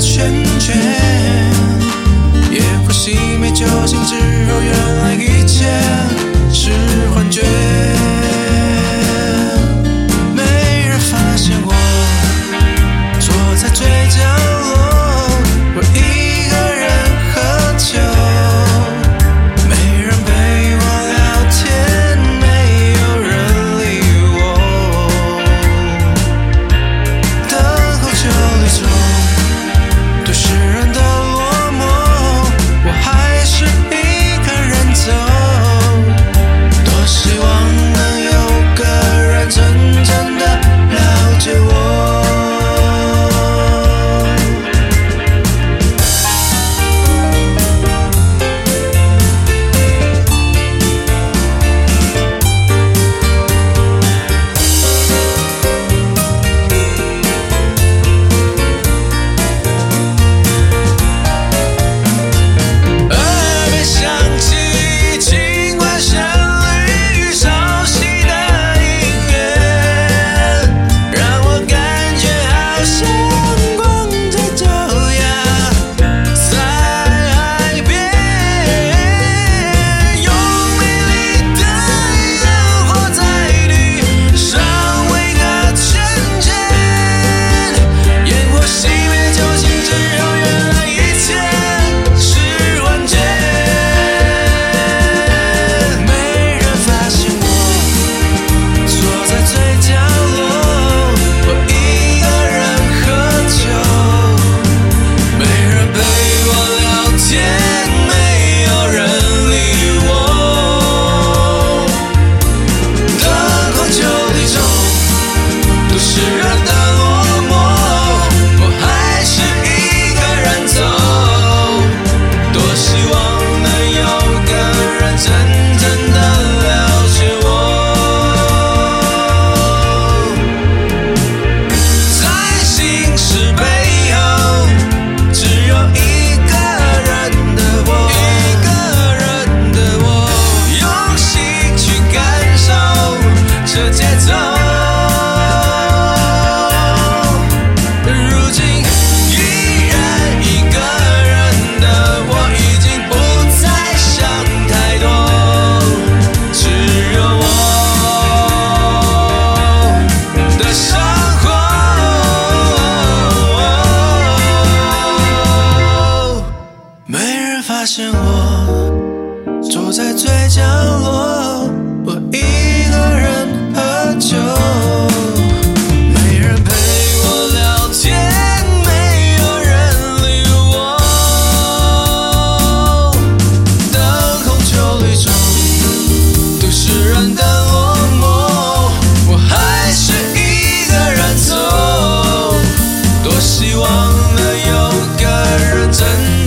圈圈，煙火熄滅，酒醒之後，原來一切是幻覺。坐在最角落，我一個人喝酒，沒人陪我聊天，沒有人理我。燈紅酒綠中，都市人的落寞，我還是一個人走，多希望能有個人真。